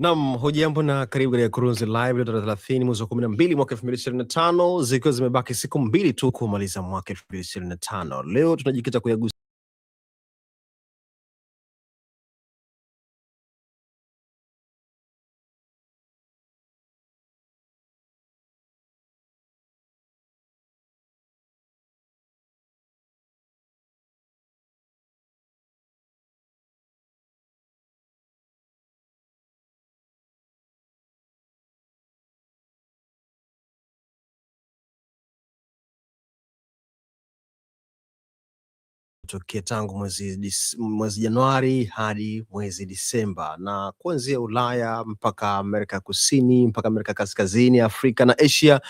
Nam, hujambo na karibu katika Kurunzi Live tarehe thelathini mwezi wa kumi na mbili mwaka elfu mbili ishirini na tano zikiwa zimebaki siku mbili tu kumaliza mwaka elfu mbili ishirini na tano Leo tunajikita kuyagusa kutokea tangu mwezi, mwezi Januari hadi mwezi Disemba, na kuanzia Ulaya mpaka Amerika ya Kusini mpaka Amerika Kaskazini, Afrika na Asia,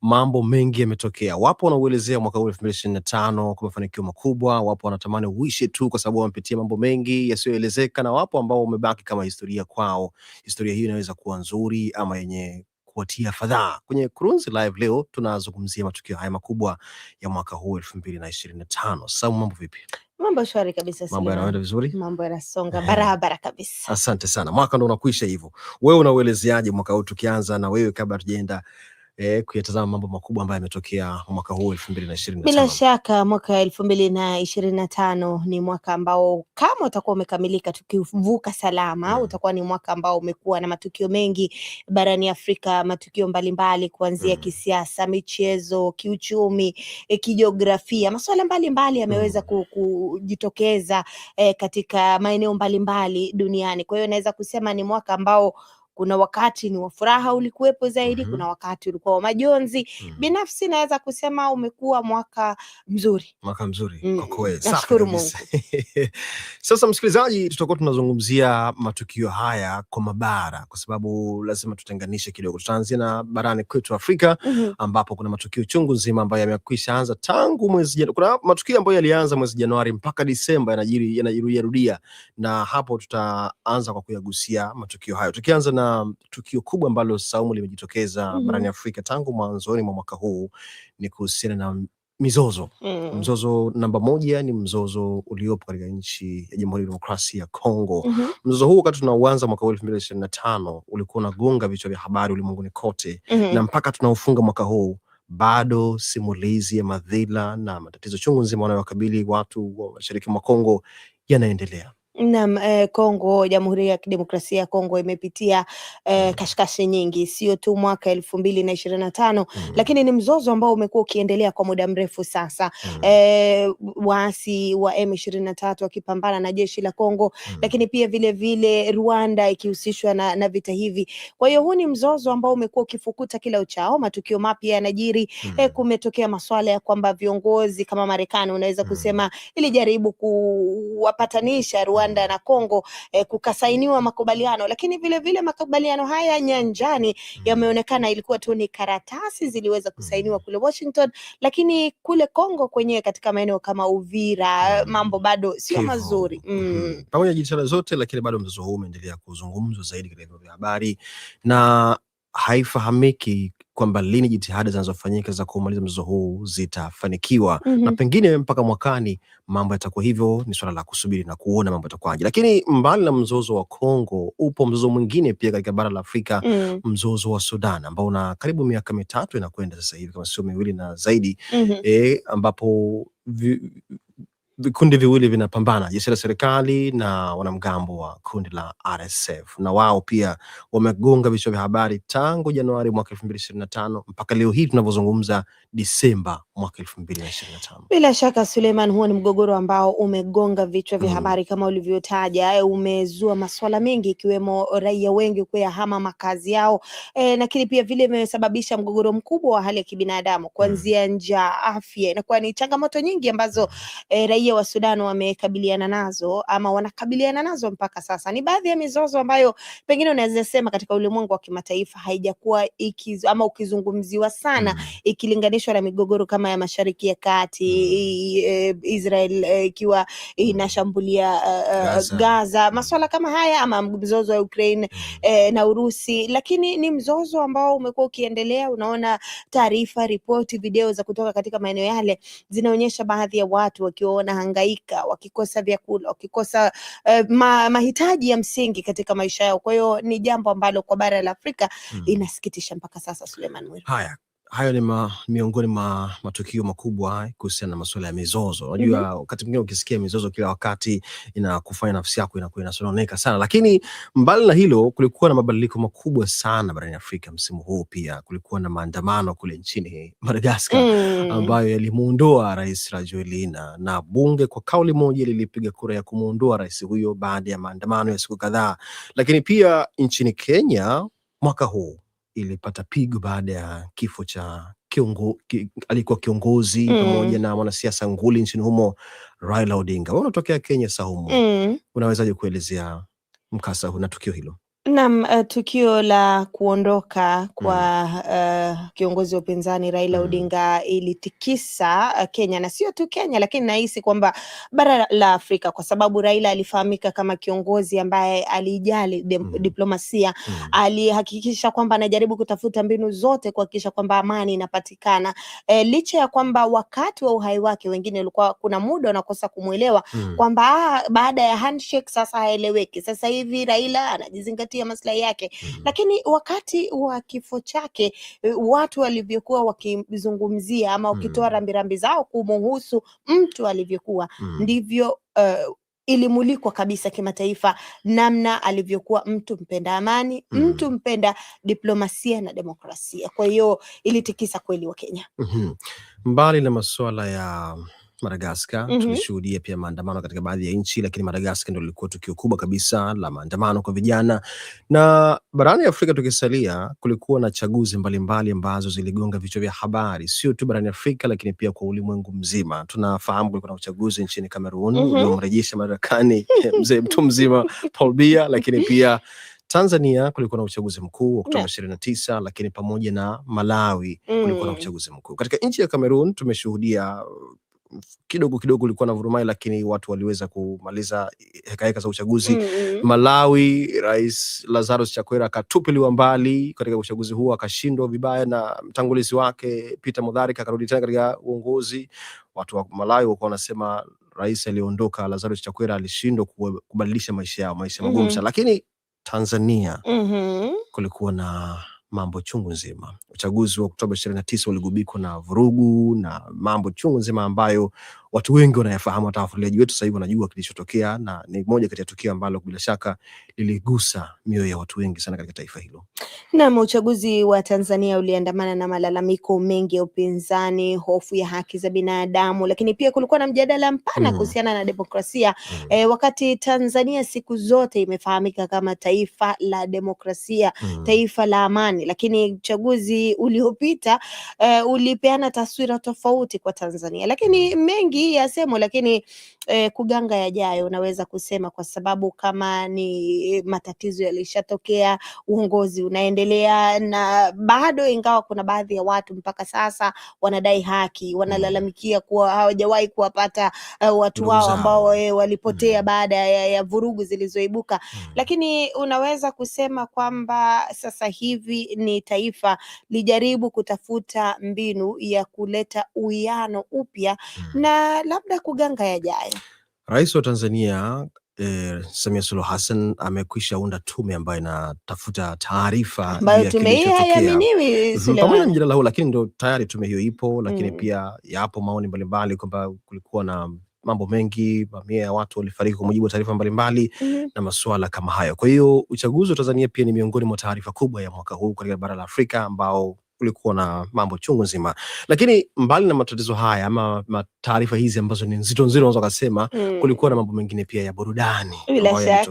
mambo mengi yametokea. Wapo wanauelezea mwaka huu elfu mbili ishirini na tano kwa mafanikio makubwa, wapo wanatamani uishe tu kwa sababu wamepitia mambo mengi yasiyoelezeka, na wapo ambao wamebaki kama historia kwao. Historia hiyo inaweza kuwa nzuri ama yenye kuwatia fadhaa. Kwenye Kurunzi Live leo tunazungumzia matukio haya makubwa ya mwaka huu elfu mbili na ishirini na tano. Sasa mambo vipi? Mambo shwari kabisa, mambo yanaenda vizuri, mambo yanasonga eh. barabara kabisa. Asante sana, mwaka ndo unakuisha hivyo, wewe unauelezeaje mwaka huu? Tukianza na wewe, kabla tujaenda e, kuyatazama mambo makubwa ambayo yametokea mwaka huu elfu mbili na ishirini Bila shaka mwaka elfu mbili na ishirini na tano ni mwaka ambao kama utakuwa umekamilika tukivuka salama, mm. utakuwa ni mwaka ambao umekuwa na matukio mengi barani Afrika, matukio mbalimbali kuanzia mm. kisiasa, michezo, kiuchumi, e, kijiografia, masuala mbalimbali yameweza mm. kujitokeza e, katika maeneo mbalimbali duniani. Kwa hiyo naweza kusema ni mwaka ambao kuna wakati ni wa furaha ulikuwepo zaidi mm -hmm. Kuna wakati ulikuwa wa majonzi mm -hmm. Binafsi naweza kusema umekuwa mwaka mzuri, mwaka mzuri mm -hmm. Nashukuru Mungu. Sasa msikilizaji, tutakuwa tunazungumzia matukio haya kwa mabara, kwa sababu lazima tutenganishe kidogo. Tutaanzia na barani kwetu Afrika mm -hmm. ambapo kuna matukio chungu nzima ambayo yamekwisha anza tangu mwezi Januari. Kuna matukio ambayo yalianza mwezi Januari mpaka Disemba yanajirudia, na hapo tutaanza kwa kuyagusia matukio hayo tukianza na tumeona tukio kubwa ambalo Saumu limejitokeza mm -hmm. barani mm-hmm. Afrika tangu mwanzoni mwa mwaka huu ni kuhusiana na mizozo mm. Mzozo namba moja ni mzozo uliopo katika nchi ya Jamhuri ya Demokrasia ya Kongo mm -hmm. Mzozo huu wakati tunauanza mwaka huu elfu mbili ishirini na tano ulikuwa unagonga vichwa vya habari ulimwenguni kote mm -hmm. na mpaka tunaofunga mwaka huu bado simulizi ya madhila na matatizo chungu nzima wanayowakabili watu wa mashariki mwa Kongo yanaendelea. Naam, eh, Kongo, Jamhuri ya Kidemokrasia ya Kongo imepitia eh, mm. kashikashi nyingi, sio tu mwaka elfu mbili na ishirini na tano mm -hmm. lakini ni mzozo ambao umekuwa ukiendelea kwa muda mrefu sasa mm -hmm. eh, waasi wa M ishirini na tatu wakipambana na jeshi la Kongo mm -hmm. lakini pia vilevile vile Rwanda ikihusishwa na, na vita hivi. Kwa hiyo huu ni mzozo ambao umekuwa ukifukuta kila uchao, matukio mapya yanajiri mm -hmm. eh, kumetokea maswala ya kwamba viongozi kama Marekani unaweza mm. kusema ilijaribu kuwapatanisha Rwanda Rwanda na Kongo eh, kukasainiwa makubaliano, lakini vile vile makubaliano haya nyanjani mm. yameonekana ilikuwa tu ni karatasi ziliweza kusainiwa mm. kule Washington, lakini kule Kongo kwenyewe katika maeneo kama Uvira mm. mambo bado sio mazuri mm. Pamoja na jitihada zote, lakini bado mzozo huu umeendelea kuzungumzwa zaidi katika vyombo vya habari na haifahamiki kwamba lini jitihada zinazofanyika za kumaliza mzozo huu zitafanikiwa. mm -hmm. Na mhm. pengine mpaka mwakani mambo yatakuwa hivyo, ni suala la kusubiri na kuona mambo yatakuwaje. Lakini mbali na mzozo wa Kongo, upo mzozo mwingine pia katika bara la Afrika. mm -hmm. Mzozo wa Sudan ambao una karibu miaka mitatu inakwenda sasa hivi kama sio miwili na zaidi. mm -hmm. E, ambapo vikundi viwili vinapambana, jeshi la serikali na wanamgambo wa kundi la RSF, na wao pia wamegonga vichwa vya habari tangu Januari mwaka elfu mbili ishirini na tano mpaka leo hii tunavyozungumza Disemba mwaka elfu mbili na ishirini na tano. Bila shaka Suleiman, huo ni mgogoro ambao umegonga vichwa vya mm. habari kama ulivyotaja, umezua maswala mengi ikiwemo raia wengi kuyahama makazi yao e, lakini pia vile imesababisha mgogoro mkubwa wa hali ya kibinadamu kuanzia mm. njaa, afya. Inakuwa ni changamoto nyingi ambazo e, raia wa Sudan wamekabiliana nazo ama wanakabiliana nazo mpaka sasa. Ni baadhi ya mizozo ambayo pengine unaweza sema katika ulimwengu wa kimataifa haijakuwa ama ukizungumziwa sana mm. ikilinganishwa na migogoro kama kama ya Mashariki ya Kati, mm. eh, Israel eh, ikiwa inashambulia uh, Gaza. Gaza, mm. maswala kama haya ama mzozo wa Ukraine e, na Urusi, lakini ni mzozo ambao umekuwa ukiendelea. Unaona taarifa, ripoti, video za kutoka katika maeneo yale zinaonyesha baadhi ya watu wakiwa wanahangaika, wakikosa vyakula, wakikosa eh, ma, mahitaji ya msingi katika maisha yao. Kwa hiyo ni jambo ambalo kwa bara la Afrika mm, inasikitisha mpaka sasa. Suleiman Mwiru. Haya, hayo ni ma, miongoni mwa matukio makubwa eh, kuhusiana na masuala ya mizozo. Unajua mm -hmm. Wakati mwingine ukisikia mizozo kila wakati inakufanya nafsi yako inakuwa inasononeka sana, lakini mbali na hilo, kulikuwa na mabadiliko makubwa sana barani Afrika msimu huu. Pia kulikuwa na maandamano kule nchini Madagaskar mm. ambayo yalimuondoa Rais Rajoelina na bunge kwa kauli moja lilipiga kura ya kumuondoa rais huyo baada ya maandamano ya siku kadhaa. Lakini pia nchini Kenya mwaka huu ilipata pigo baada ya kifo cha kiongo, ki, alikuwa kiongozi mm. pamoja mm. na mwanasiasa nguli nchini humo Raila Odinga. Wewe unatokea Kenya, humo mm. unawezaje kuelezea mkasa huu na tukio hilo? Naam, uh, tukio la kuondoka kwa uh, kiongozi wa upinzani Raila mm. Odinga ilitikisa uh, Kenya na sio tu Kenya, lakini nahisi kwamba bara la Afrika, kwa sababu Raila alifahamika kama kiongozi ambaye alijali mm. diplomasia. Mm. Alihakikisha kwamba anajaribu kutafuta mbinu zote kuhakikisha kwamba amani inapatikana, e, licha ya kwamba wakati wa uhai wake wengine ulikuwa kuna muda unakosa kumwelewa kwamba ah, baada ya handshake sasa haeleweki. Sasa hivi Raila anajizingati kuzingatia maslahi yake mm-hmm. Lakini wakati wa kifo chake e, watu walivyokuwa wakizungumzia ama wakitoa mm-hmm. rambirambi zao kumuhusu mtu alivyokuwa mm-hmm. ndivyo uh, ilimulikwa kabisa kimataifa namna alivyokuwa mtu mpenda amani mm. mtu mm-hmm. mpenda diplomasia na demokrasia. Kwa hiyo ilitikisa kweli Wakenya. mm -hmm. Mbali na masuala ya Madagaskar. mm -hmm. Tulishuhudia pia maandamano katika baadhi ya nchi, lakini Madagaskar ndio lilikuwa tukio kubwa kabisa la maandamano kwa vijana. Na barani Afrika tukisalia, kulikuwa na chaguzi mbalimbali ambazo mbali ziligonga vichwa vya habari, sio tu barani Afrika lakini pia kwa ulimwengu mzima. Tunafahamu kulikuwa na uchaguzi nchini Kamerun mm -hmm. madarakani mzee mtu mzima Paul Biya, lakini pia Tanzania kulikuwa na uchaguzi mkuu Oktoba ishirini na tisa, lakini pamoja na Malawi mm. kulikuwa mm. na uchaguzi mkuu. Katika nchi ya Kamerun tumeshuhudia kidogo kidogo ulikuwa na vurumai, lakini watu waliweza kumaliza hekaheka eh, za uchaguzi mm -hmm. Malawi, Rais Lazarus Chakwera akatupiliwa mbali katika uchaguzi huo, akashindwa vibaya na mtangulizi wake Peter Mutharika akarudi tena katika uongozi. Watu wa Malawi walikuwa wanasema rais aliyeondoka Lazarus Chakwera alishindwa kubadilisha maisha yao, maisha magumu mm -hmm. Lakini Tanzania mm -hmm. kulikuwa na mambo chungu nzima. Uchaguzi wa Oktoba ishirini uligubikwa na vurugu na mambo chungu nzima ambayo watu wengi wanayafahamu, hata wafuatiliaji wetu sasa hivi wanajua kilichotokea, na ni moja kati ya tukio ambalo bila shaka liligusa mioyo ya watu wengi sana katika taifa hilo. Naam, uchaguzi wa Tanzania uliandamana na malalamiko mengi ya upinzani, hofu ya haki za binadamu, lakini pia kulikuwa na mjadala mpana mm. kuhusiana na demokrasia mm. E, wakati Tanzania siku zote imefahamika kama taifa la demokrasia mm. taifa la amani, lakini uchaguzi uliopita e, ulipeana taswira tofauti kwa Tanzania, lakini mm. mengi hii semo, lakini eh, kuganga yajayo unaweza kusema, kwa sababu kama ni eh, matatizo yalishatokea, uongozi unaendelea na bado, ingawa kuna baadhi ya watu mpaka sasa wanadai haki, wanalalamikia mm. kuwa hawajawahi kuwapata uh, watu wao ambao eh, walipotea mm. baada ya, ya vurugu zilizoibuka mm. lakini unaweza kusema kwamba sasa hivi ni taifa lijaribu kutafuta mbinu ya kuleta uwiano upya mm. na labda kuganga yajayo. Rais wa Tanzania Eh, Samia Suluhu Hassan amekwisha unda tume ambayo inatafuta taarifa ambayo tume hii haiaminiwi pamoja na mjadala huu, lakini ndo tayari tume hiyo ipo, lakini mm, pia yapo maoni mbalimbali kwamba kulikuwa na mambo mengi, mamia ya watu walifariki kwa mujibu wa taarifa mbalimbali mm, na masuala kama hayo. Kwa hiyo uchaguzi wa Tanzania pia ni miongoni mwa taarifa kubwa ya mwaka huu katika bara la Afrika ambao kulikuwa na mambo chungu nzima. Lakini mbali na matatizo haya ama taarifa hizi ambazo ni nzito nzito, unaweza kusema mm. kulikuwa na mambo mengine pia ya burudani barani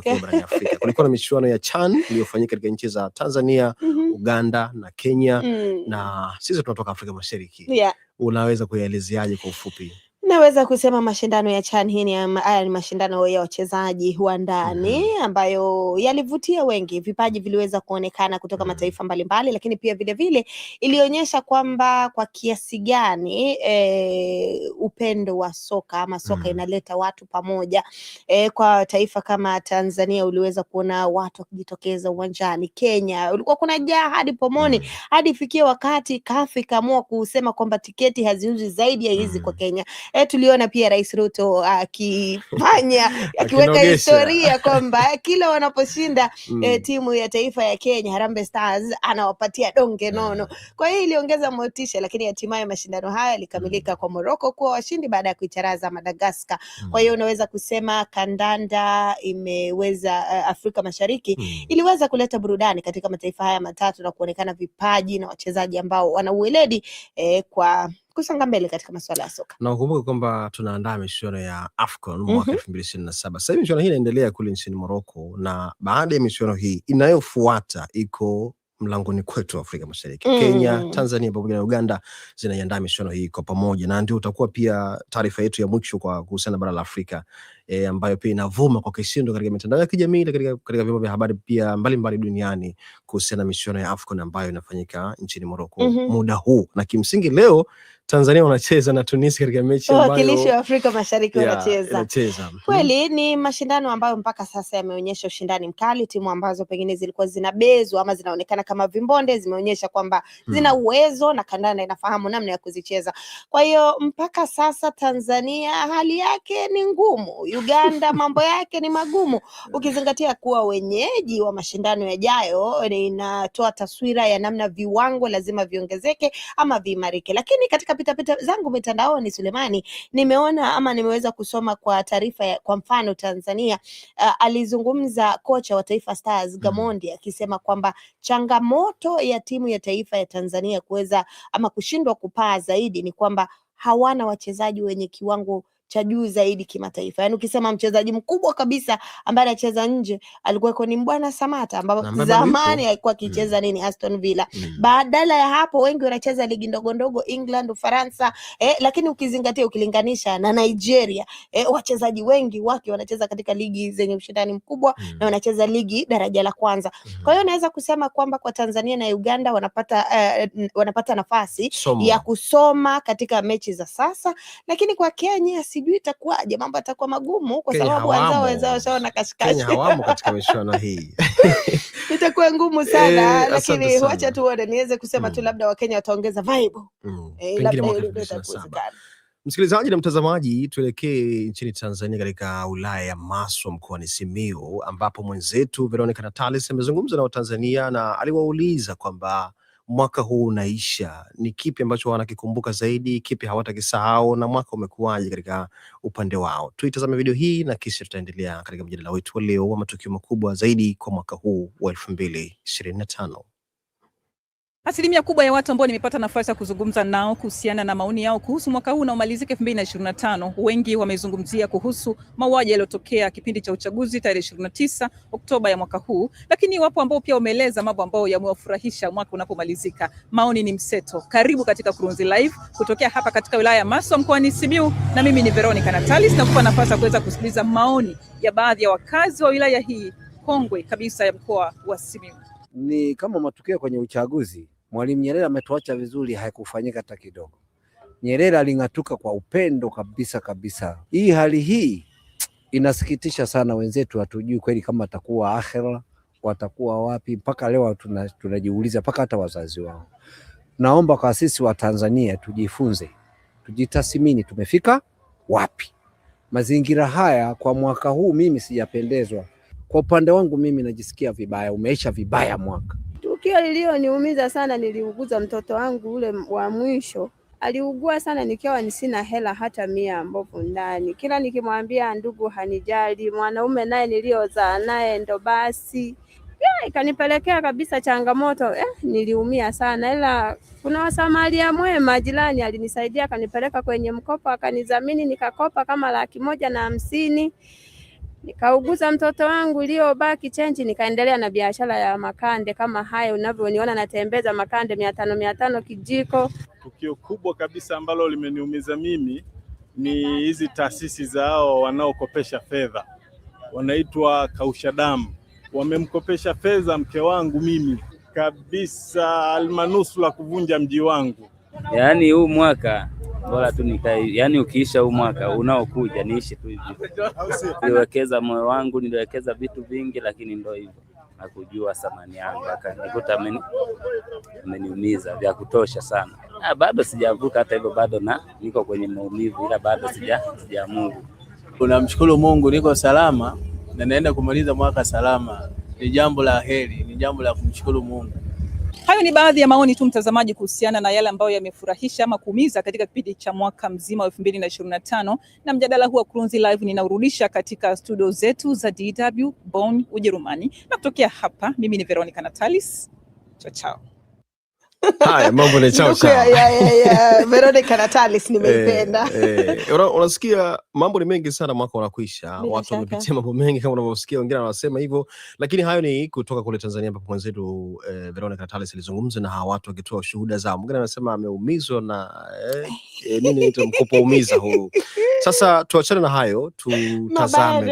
Kulikuwa na michuano ya CHAN iliyofanyika katika nchi za Tanzania mm -hmm. Uganda na Kenya mm. na sisi tunatoka Afrika Mashariki yeah. Unaweza kuyaelezeaje kwa ufupi? Naweza kusema mashindano ya CHAN hii ni haya ni mashindano ya wachezaji wa ndani mhm. ambayo yalivutia wengi, vipaji viliweza kuonekana kutoka mhm. mataifa mbalimbali, lakini pia vilevile ilionyesha kwamba kwa kiasi gani e, upendo wa soka ama soka mm inaleta watu pamoja e, kwa taifa kama Tanzania uliweza kuona watu wakijitokeza uwanjani. Kenya ulikuwa kuna jaa hadi pomoni mm hadi ifikia wakati CAF ikaamua kusema kwamba tiketi haziuzi zaidi ya hizi mm kwa mhm. Kenya eh, tuliona pia Rais Ruto uh, akifanya akiweka historia kwamba eh, kila wanaposhinda mm. eh, timu ya taifa ya Kenya Harambee Stars anawapatia donge mm. nono. Kwa hiyo iliongeza motisha, lakini hatimaye mashindano haya yalikamilika mm. kwa Morocco kuwa washindi baada ya kuicharaza Madagascar. mm. Kwa hiyo unaweza kusema kandanda imeweza uh, Afrika Mashariki mm. iliweza kuleta burudani katika mataifa haya matatu na kuonekana vipaji na wachezaji ambao wana uweledi eh, kwa kusonga mbele katika masuala ya soka, na ukumbuke kwamba tunaandaa michuano ya AFCON mwaka mhm. elfu mbili ishirini na saba. Sasa hivi michuano hii inaendelea kule nchini Moroko, na baada ya michuano hii inayofuata iko mlangoni kwetu Afrika Mashariki mm. Kenya, Tanzania pamoja na Uganda zinaiandaa michuano hii kwa pamoja, na ndio utakuwa pia taarifa yetu ya mwisho kwa kuhusiana na bara la Afrika e, ambayo pia inavuma kwa kishindo katika mitandao ya kijamii katika, katika vyombo vya habari pia mbalimbali duniani kuhusiana na michuano ya AFCON ambayo inafanyika nchini Morocco mm -hmm. muda huu na kimsingi leo Tanzania wanacheza na Tunisia katika mechi ambayo wakilishi wa Afrika Mashariki wanacheza mhm. kweli. Ni mashindano ambayo mpaka sasa yameonyesha ushindani mkali. Timu ambazo pengine zilikuwa zinabezwa ama zinaonekana kama vimbonde zimeonyesha kwamba mhm. zina uwezo na kandanda inafahamu namna ya kuzicheza. Kwa hiyo mpaka sasa Tanzania hali yake ni ngumu. Uganda mambo yake ni magumu, ukizingatia kuwa wenyeji wa mashindano yajayo. Inatoa taswira ya namna viwango lazima viongezeke ama viimarike. Lakini katika pitapita pita zangu mitandaoni, Sulemani, nimeona ama nimeweza kusoma kwa taarifa, kwa mfano Tanzania, uh, alizungumza kocha wa Taifa Stars mm-hmm. Gamondi akisema kwamba changamoto ya timu ya taifa ya Tanzania kuweza ama kushindwa kupaa zaidi ni kwamba hawana wachezaji wenye kiwango cha juu zaidi kimataifa. Yani ukisema mchezaji mkubwa kabisa ambaye anacheza nje alikuwako ni Mbwana Samata, ambapo zamani alikuwa akicheza mm. nini Aston Villa mm. badala ya hapo wengi wanacheza ligi ndogo ndogo England, Ufaransa eh, lakini ukizingatia ukilinganisha na Nigeria eh, wachezaji wengi wake wanacheza katika ligi zenye ushindani mkubwa mm. na wanacheza ligi daraja la kwanza mm. kwa hiyo naweza kusema kwamba kwa Tanzania na Uganda wanapata eh, wanapata nafasi Somo. ya kusoma katika mechi za sasa, lakini kwa Kenya si sijui itakuwaje, mambo yatakuwa magumu kwa sababu wenzao wenzao washaona kashikashi, hawamo katika michuano hii itakuwa ngumu sana e, lakini wacha tuone, niweze kusema mm. tu labda Wakenya wataongeza vibe mm. e, Msikilizaji na mtazamaji, tuelekee nchini Tanzania, katika wilaya ya Maswa mkoani Simiyu, ambapo mwenzetu Veronica Natalis amezungumza na Watanzania na aliwauliza kwamba mwaka huu unaisha, ni kipi ambacho wanakikumbuka zaidi, kipi hawatakisahau na mwaka umekuwaje katika upande wao? Tuitazame video hii na kisha tutaendelea katika mjadala wetu wa leo wa matukio makubwa zaidi kwa mwaka huu wa elfu mbili ishirini na tano. Asilimia kubwa ya watu ambao nimepata nafasi ya kuzungumza nao kuhusiana na maoni yao kuhusu mwaka huu unaomalizika 2025, wengi wamezungumzia kuhusu mauaji yaliyotokea kipindi cha uchaguzi tarehe 29 Oktoba ya mwaka huu, lakini wapo ambao pia wameeleza mambo ambayo yamewafurahisha mwaka unapomalizika. Maoni ni mseto. Karibu katika Kurunzi Live kutokea hapa katika wilaya ya Maswa mkoani Simiyu, na mimi ni Veronica Natalis, kupa nafasi ya kuweza kusikiliza maoni ya baadhi ya wakazi wa wilaya hii kongwe kabisa ya mkoa wa Simiyu. Ni kama matukio kwenye uchaguzi Mwalimu Nyerere ametuacha vizuri, haikufanyika hata kidogo. Nyerere aling'atuka kwa upendo kabisa kabisa. Hii hali hii inasikitisha sana, wenzetu hatujui kweli kama atakuwa akhera, watakuwa wapi. Mpaka leo tunajiuliza, mpaka hata wazazi wao. Naomba kwa sisi wa Tanzania tujifunze, tujitathmini, tumefika wapi? Mazingira haya kwa mwaka huu mimi sijapendezwa. Kwa upande wangu mimi najisikia vibaya, umeisha vibaya mwaka. Tukio lilioniumiza sana, niliuguza mtoto wangu ule wa mwisho aliugua sana, nikiwa nisina hela hata mia ambapo ndani, kila nikimwambia ndugu hanijali, mwanaume naye niliozaa naye ndo basi ikanipelekea kabisa changamoto eh, niliumia sana ila kuna wasamaria mwema jirani alinisaidia, akanipeleka kwenye mkopo, akanidhamini nikakopa kama laki moja na hamsini nikauguza mtoto wangu iliyobaki chenji, nikaendelea na biashara ya makande kama haya unavyoniona, natembeza makande mia tano mia tano kijiko. Tukio kubwa kabisa ambalo limeniumiza mimi ni hizi taasisi za hao wanaokopesha fedha, wanaitwa kausha damu. Wamemkopesha fedha mke wangu mimi kabisa, almanusu la kuvunja mji wangu yaani huu mwaka bora tu nika, yaani ukiisha huu mwaka unaokuja niishi tu hivi. Niliwekeza moyo wangu, niliwekeza vitu vingi, lakini ndio hivyo nakujua thamani yangu, akanikuta ameniumiza vya kutosha sana. Ah, bado sijavuka hata hivyo, bado na niko kwenye maumivu, ila bado sija sija Mungu. Mungu, niko salama na naenda kumaliza mwaka salama. Ni jambo la heri, ni jambo la kumshukuru Mungu. Hayo ni baadhi ya maoni tu mtazamaji, kuhusiana na yale ambayo yamefurahisha ama kuumiza katika kipindi cha mwaka mzima wa 2025 na mjadala huu wa Kurunzi Live ninaurudisha katika studio zetu za DW Bonn, Ujerumani, na kutokea hapa mimi ni Veronica Natalis. Chao chao. Haya, mambo ni chao chao Veronica Natalis nimeipenda. Eh, eh, unasikia mambo ni mengi sana, mwaka unakuisha, watu wamepitia mambo mengi kama unavyosikia, wengine wanasema hivyo, lakini hayo ni kutoka kule Tanzania ambapo mwenzetu eh, Veronica Natalis alizungumza na hawa watu wakitoa shuhuda zao. Mwingine anasema ameumizwa na eh, eh, nini ndio mkopo umiza huu. Sasa tuachane na hayo, tutazame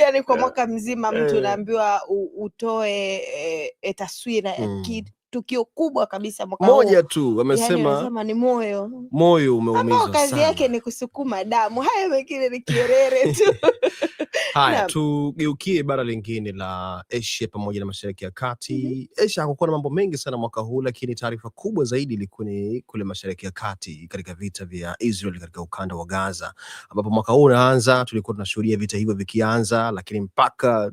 yani kwa eh, mwaka mzima mtu eh. unaambiwa utoe e, taswira ya mm. tukio kubwa kabisa mwaka huu. Moja tu wamesema yani, ni moyo, moyo umeumizwa sana. Kazi yake ni kusukuma damu, haya mengine ni kierere tu Haya, tugeukie bara lingine la Asia pamoja na mashariki ya kati. mm -hmm. Asia hakukuwa na mambo mengi sana mwaka huu, lakini taarifa kubwa zaidi ilikuwa ni kule mashariki ya kati katika vita vya Israel katika ukanda wa Gaza, ambapo mwaka huu unaanza, tulikuwa tunashuhudia vita hivyo vikianza, lakini mpaka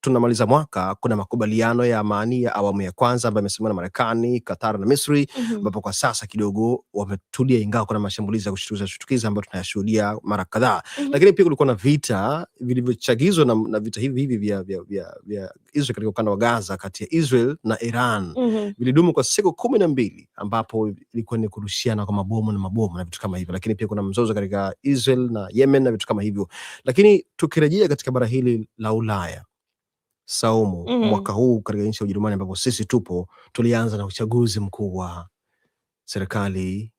tunamaliza mwaka, kuna makubaliano ya amani ya awamu ya kwanza ambayo yamesimamiwa na Marekani, Qatar na Misri, mhm. ambapo mm -hmm. kwa sasa kidogo wametulia, ingawa kuna mashambulizi ya kushtukiza shutukiza ambayo tunayashuhudia mara kadhaa mm -hmm. lakini pia kulikuwa na vita vilivyochagizwa na, na vita hivi hivi vya, vya, vya, vya Israel katika ukanda wa Gaza kati ya Israel na Iran mm -hmm. vilidumu kwa siku kumi na mbili ambapo ilikuwa ni kurushiana kwa mabomu na mabomu na vitu kama hivyo, lakini pia kuna mzozo katika Israel na Yemen na vitu kama hivyo, lakini tukirejea katika bara hili la Ulaya Saumu mm -hmm. Mwaka huu katika nchi ya Ujerumani ambapo sisi tupo tulianza na uchaguzi mkuu wa serikali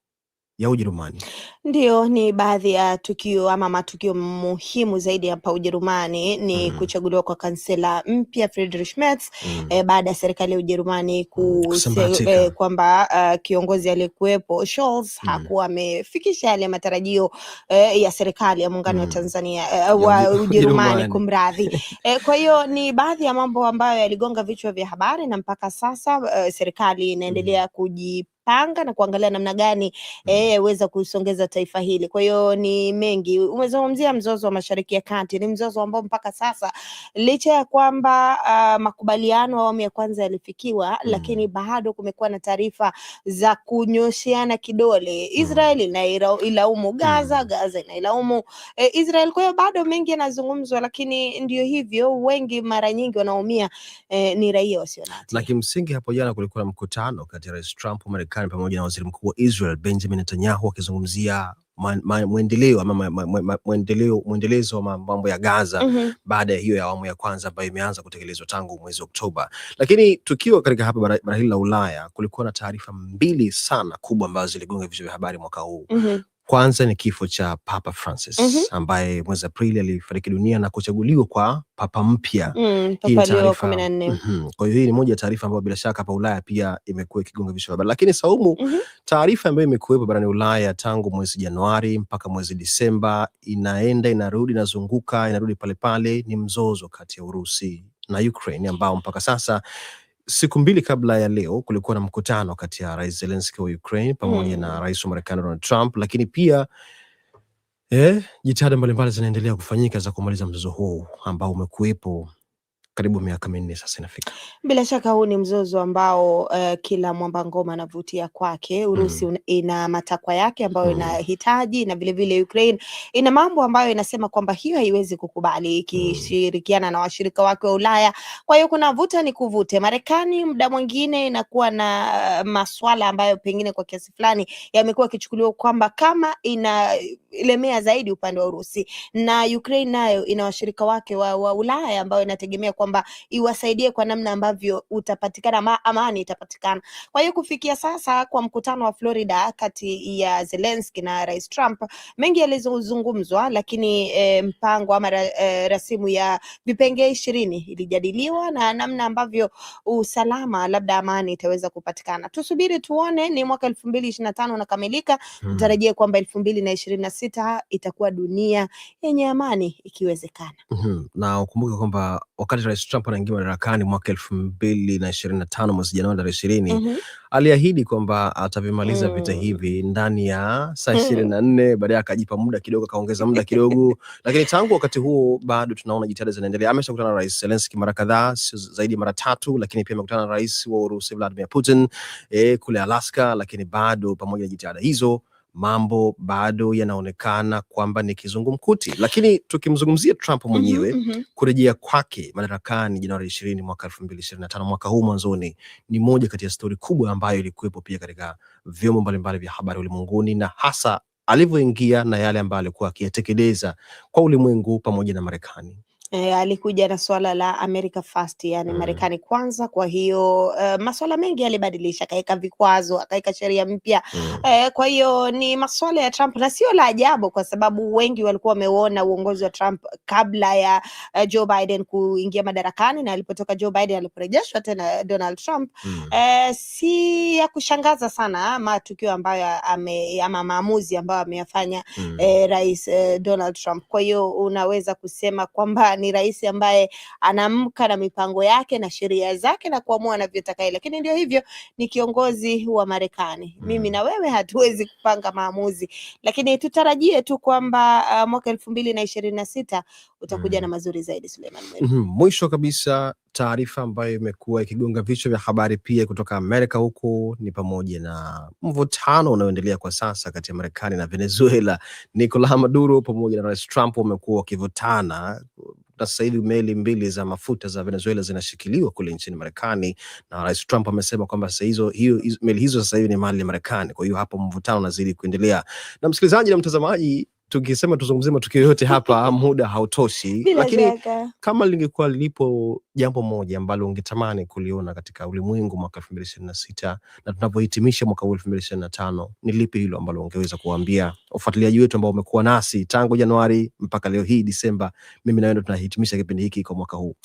ya Ujerumani. Ndio, ni baadhi ya tukio ama matukio muhimu zaidi hapa Ujerumani ni mm. kuchaguliwa kwa kansela mpya Friedrich Merz mm. eh, baada ya serikali ya Ujerumani mm-hmm. eh, kwamba uh, kiongozi aliyekuwepo Scholz mm. hakuwa amefikisha yale matarajio eh, ya serikali ya muungano mm. wa Tanzania eh, wa Ujerumani kumradhi. eh, kwa hiyo ni baadhi ya mambo ambayo yaligonga vichwa vya habari na mpaka sasa eh, serikali inaendelea mm. kuji kupanga na kuangalia namna gani mm. eh, weza kusongeza taifa hili. Kwa hiyo ni mengi. Umezungumzia mzozo wa Mashariki ya Kati, ni mzozo ambao mpaka sasa licha ya kwamba uh, makubaliano awamu ya kwanza yalifikiwa, mm. lakini bado kumekuwa na taarifa za kunyosheana kidole. Mm. Israel inailaumu mm. Gaza, Gaza inailaumu eh, Israel. Kwa hiyo bado mengi yanazungumzwa, lakini ndio hivyo, wengi mara nyingi wanaumia eh, ni raia wasio na hatia. Na kimsingi hapo jana kulikuwa na mkutano kati ya Rais Trump Marekani Marekani pamoja na waziri mkuu wa Israel Benjamin Netanyahu wakizungumzia mwendeleo ama mwendelezo wa mambo ya Gaza mm -hmm. baada ya hiyo ya awamu ya kwanza ambayo imeanza kutekelezwa tangu mwezi Oktoba. Lakini tukiwa katika hapa bara hili la Ulaya, kulikuwa na taarifa mbili sana kubwa ambazo ziligonga vichwa vya habari mwaka huu mm -hmm. Kwanza ni kifo cha Papa Francis mm -hmm. ambaye mwezi Aprili alifariki dunia na kuchaguliwa kwa papa mpya mm, hii mm kwa hiyo hii ni moja ya taarifa ambayo bila shaka hapa Ulaya pia imekuwa ikigonga vichwa vya habari, lakini Saumu, mm -hmm. taarifa ambayo imekuwepo barani Ulaya tangu mwezi Januari mpaka mwezi Disemba, inaenda inarudi, inazunguka, inarudi palepale, ni mzozo kati ya Urusi na Ukraine ambao mpaka sasa Siku mbili kabla ya leo kulikuwa na mkutano kati ya Rais zelenski wa Ukraine pamoja mm. na hmm. Rais wa Marekani Donald Trump, lakini pia eh, jitihada mbalimbali zinaendelea kufanyika za kumaliza mzozo huu ambao umekuwepo karibu miaka minne sasa inafika. Bila shaka huu ni mzozo ambao uh, kila mwamba ngoma anavutia kwake. Urusi mm. ina matakwa yake ambayo mm. inahitaji na vilevile Ukraine ina mambo ambayo inasema kwamba hiyo haiwezi kukubali mm-hmm. ikishirikiana mm. na washirika wake wa Ulaya. Kwa hiyo kuna vuta ni kuvute. Marekani muda mwingine inakuwa na eh, maswala ambayo pengine kwa kiasi fulani yamekuwa yakichukuliwa kwamba kama inalemea zaidi upande wa Urusi na Ukraine nayo ina washirika wake wa, wa Ulaya ambayo inategemea kwa kwamba iwasaidie kwa namna ambavyo utapatikana ama amani itapatikana. Kwa hiyo kufikia sasa kwa mkutano wa Florida kati ya Zelensky na Rais Trump, mengi yalizozungumzwa, lakini e, mpango ama ra, e, rasimu ya vipengee ishirini ilijadiliwa na namna ambavyo usalama, labda amani itaweza kupatikana. Tusubiri tuone, ni mwaka elfu mbili ishirini na tano unakamilika, hmm. tutarajie -hmm. kwamba elfu mbili na ishirini na sita itakuwa dunia yenye amani ikiwezekana. mm -hmm. na ukumbuke kwamba wakati rais Rais Trump anaingia madarakani mwaka elfu mbili na ishirini na tano mwezi Januari tarehe ishirini mm -hmm. aliahidi kwamba atavimaliza mm vita hivi ndani ya saa mm. ishirini na nne baadaye akajipa muda kidogo, akaongeza muda kidogo lakini tangu wakati huo bado tunaona jitihada zinaendelea. Ameshakutana na Rais Zelenski mara kadhaa, sio zaidi ya mara tatu, lakini pia amekutana na rais wa Urusi Vladimir Putin eh, kule Alaska, lakini bado pamoja na jitihada hizo mambo bado yanaonekana kwamba ni kizungumkuti, lakini tukimzungumzia Trump mhm, mwenyewe mm -hmm. kurejea kwake madarakani Januari ishirini mwaka elfu mbili ishirini na tano mwaka huu mwanzoni, ni moja kati ya stori kubwa ambayo ilikuwepo pia katika vyombo mbalimbali vya habari ulimwenguni na hasa alivyoingia na yale ambayo alikuwa akiyatekeleza kwa ulimwengu pamoja na Marekani eh, alikuja na swala la America First, yani mm. Marekani kwanza. Kwa hiyo uh, eh, masuala mengi alibadilisha, akaweka vikwazo, akaweka sheria mpya mm. eh, kwa hiyo ni masuala ya Trump na sio la ajabu, kwa sababu wengi walikuwa wameona uongozi wa Trump kabla ya uh, Joe Biden kuingia madarakani, na alipotoka Joe Biden aliporejeshwa tena eh, Donald Trump mm. eh, si ya kushangaza sana matukio ambayo ame, ama maamuzi ambayo ameyafanya mm. eh, Rais eh, Donald Trump. Kwa hiyo unaweza kusema kwamba ni rais ambaye anamka na mipango yake na sheria zake na kuamua anavyotaka lakini ndio hivyo, ni kiongozi wa Marekani. Mm. Mimi na wewe hatuwezi kupanga maamuzi, lakini tutarajie tu kwamba uh, mwaka elfu mbili na ishirini na sita utakuja mm. na mazuri zaidi Suleiman mm -hmm. Mwisho kabisa taarifa ambayo imekuwa ikigonga vichwa vya habari pia kutoka Amerika huku ni pamoja na mvutano unaoendelea kwa sasa kati ya Marekani na Venezuela. Nicolas Maduro pamoja na Rais Trump wamekuwa wakivutana na sasa hivi meli mbili za mafuta za Venezuela zinashikiliwa kule nchini Marekani, na Rais Trump amesema kwamba sasa hizo hiyo meli hizo sasa hivi ni mali ya Marekani. Kwa hiyo hapo mvutano unazidi kuendelea. Na msikilizaji na mtazamaji tukisema tuzungumzie matukio yote hapa muda hautoshi, lakini kama lingekuwa lipo jambo moja ambalo ungetamani kuliona katika ulimwengu mwaka elfu mbili ishirini na sita na tunapohitimisha mwaka huu elfu mbili ishirini na tano ni lipi hilo ambalo ungeweza kuwaambia ufuatiliaji wetu ambao umekuwa nasi tangu Januari mpaka leo hii Disemba? Mimi nawe ndo tunahitimisha kipindi hiki kwa mwaka huu.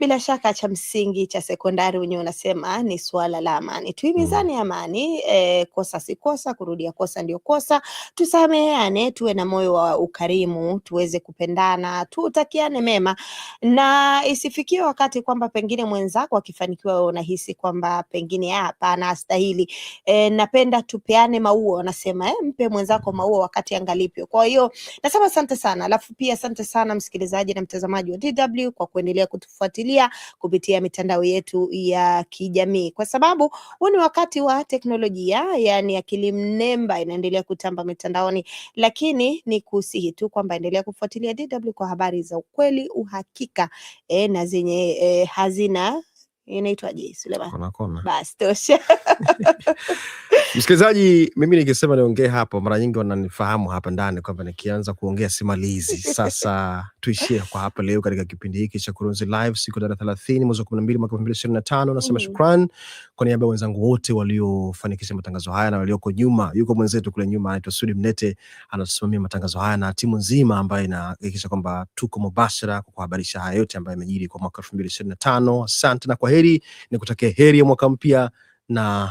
Bila shaka cha msingi cha sekondari wenyewe unasema ni suala la amani, tuimizane mm. amani e, kosa si kosa, kurudia kosa ndio kosa, tusameheane, tuwe na moyo wa ukarimu, tuweze kupendana, tutakiane mema na isifikie wakati kwamba pengine mwenzako akifanikiwa wewe unahisi kwamba pengine ah, hapana astahili. E, napenda tupeane maua, wanasema eh, mpe mwenzako maua wakati angalipyo. Kwa hiyo nasema asante sana, alafu pia asante sana msikilizaji na mtazamaji wa DW kwa kuendelea kutufuatilia kupitia mitandao yetu ya kijamii, kwa sababu huu ni wakati wa teknolojia, yani akili mnemba inaendelea kutamba mitandaoni, lakini ni kusihi tu kwamba endelea kufuatilia DW kwa habari za ukweli, uhakika e, na zenye e, Hazina inaitwa je, Suleiman? Basi tosha. Msikilizaji, mimi nikisema niongee hapo, mara nyingi wananifahamu hapa ndani kwamba nikianza kuongea simalizi. Sasa tuishie kwa hapa leo katika kipindi hiki cha Kurunzi Live siku tarehe thelathini mwezi wa kumi na mbili mwaka elfu mbili ishirini na tano. Nasema mm-hmm. shukran kwa niaba ya wenzangu wote waliofanikisha matangazo haya na walioko nyuma. Yuko mwenzetu kule nyuma anaitwa Sudi Mnete, anasimamia matangazo haya na timu nzima ambayo inahakikisha kwamba tuko mubashara kwa kuhabarisha haya yote ambayo yamejiri kwa mwaka elfu mbili ishirini na tano. Asante na kwa heri ni kutakia heri ya mwaka mpya na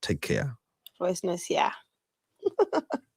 take care.